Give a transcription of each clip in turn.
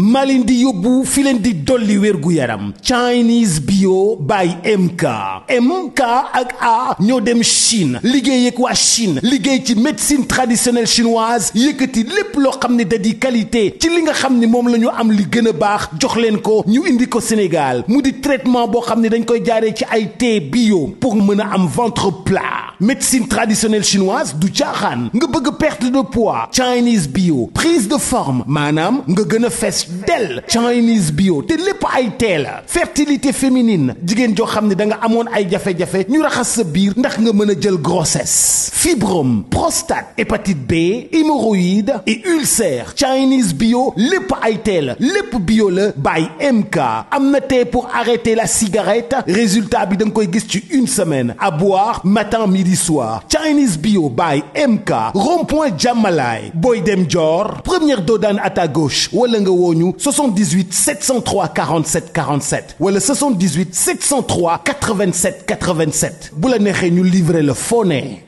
malin di yóbbu fi leen di dolli wérgu yaram Chinese bio by MK MK ak A ñoo dem Chine liggéey ak waa Chine liggéey ci médecine traditionnelle chinoise yëkkati lépp loo xam ne da di qualité ci li nga xam ne moom la ñu am li gën a baax jox leen ko ñu indi ko Sénégal mu di traitement boo xam ne dañ koy jaaree ci ay thé bio pour mën a am ventre plat. médecine traditionnelle chinoise du caaxaan nga bëgg perte de poids Chinese bio prise de forme maanaam nga gën a fees dell Chinese bio te lépp ay teel fertilité féminine jigéen joo xam ne da nga amoon ay jafe-jafe ñu raxas sa biir ndax nga mën a jël grossesse fibrome prostate hépatite B hémorroïde et ulcère Chinese bio lépp ay teel la lépp bio la bay MK am na tee pour arrêter la cigarette résultat bi da nga koy gis ci une semaine à boire jeudi soir Chinese Bio by MK rond-point Jamalay booy dem Dior première doodaan à ta gauche wala nga wooñu 78 703 47 47 wala 78 703 87 87 bu la neexee ñu livrer le fone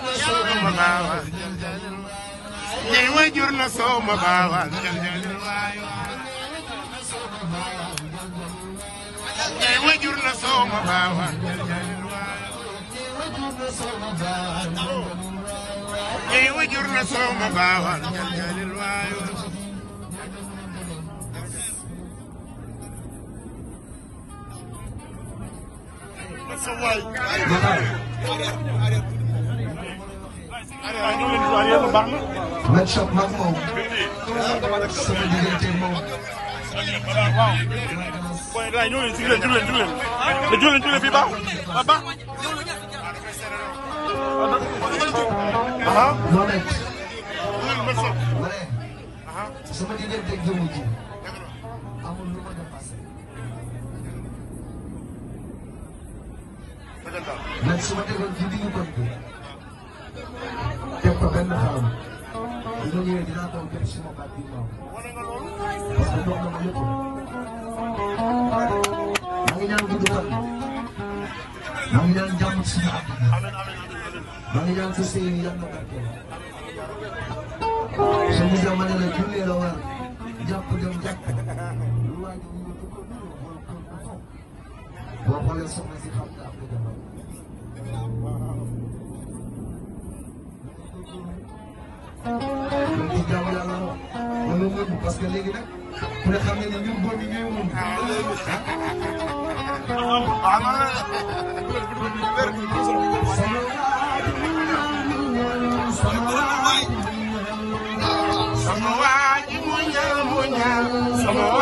soma baawal ñey way jur na soma baawal ñey way jur na soma baawal ñey way jur na soma baawal That's a white. man shop mag moom sama diggante moom waaw boy da ñoo leen jugleen jugleen jugleen da jugleen jugleen fii baax ba baax aha moo nekk ma ne sama diggante jëmm ji amul lu ma dépassé man su ma tegoon ci diggu kon bi fa benn xaram bi ma ñëwee dinaa daw jël sama baat bi ma parce que dox na ma lépp maa ngi ñaan gudd fan maa ngi ñaan jàmm ci suñu àdduna maa ngi ñaan sa sëy yi yàlla na barkeel soo gisee ma ne la jullee la war jàpp dem jàpp lu waaj boo xoolee soxna si xam nga am na jamono loolu ci jaamu yàlla la loolu moom parce que léegi nag ku ne xam ne ne ñun góor ñi ñooy moom. sama waa ji mu ñal mu ñal sama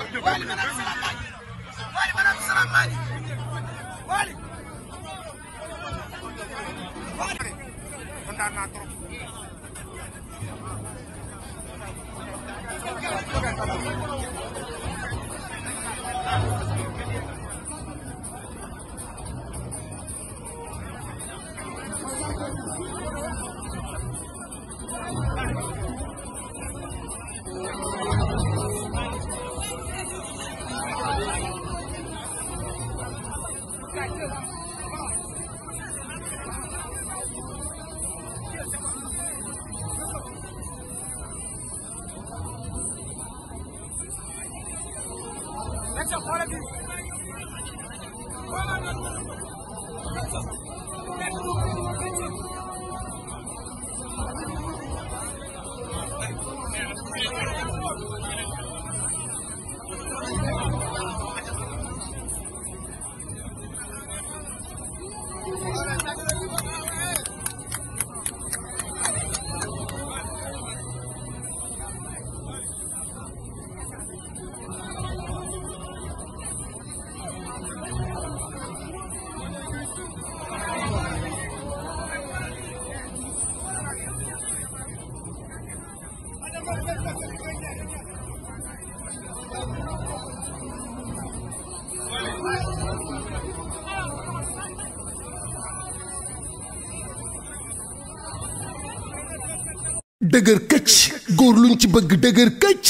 Caracas. acca xoolal bi xoolal dëgër këcc góor luñ ci bëgg dëgër këcc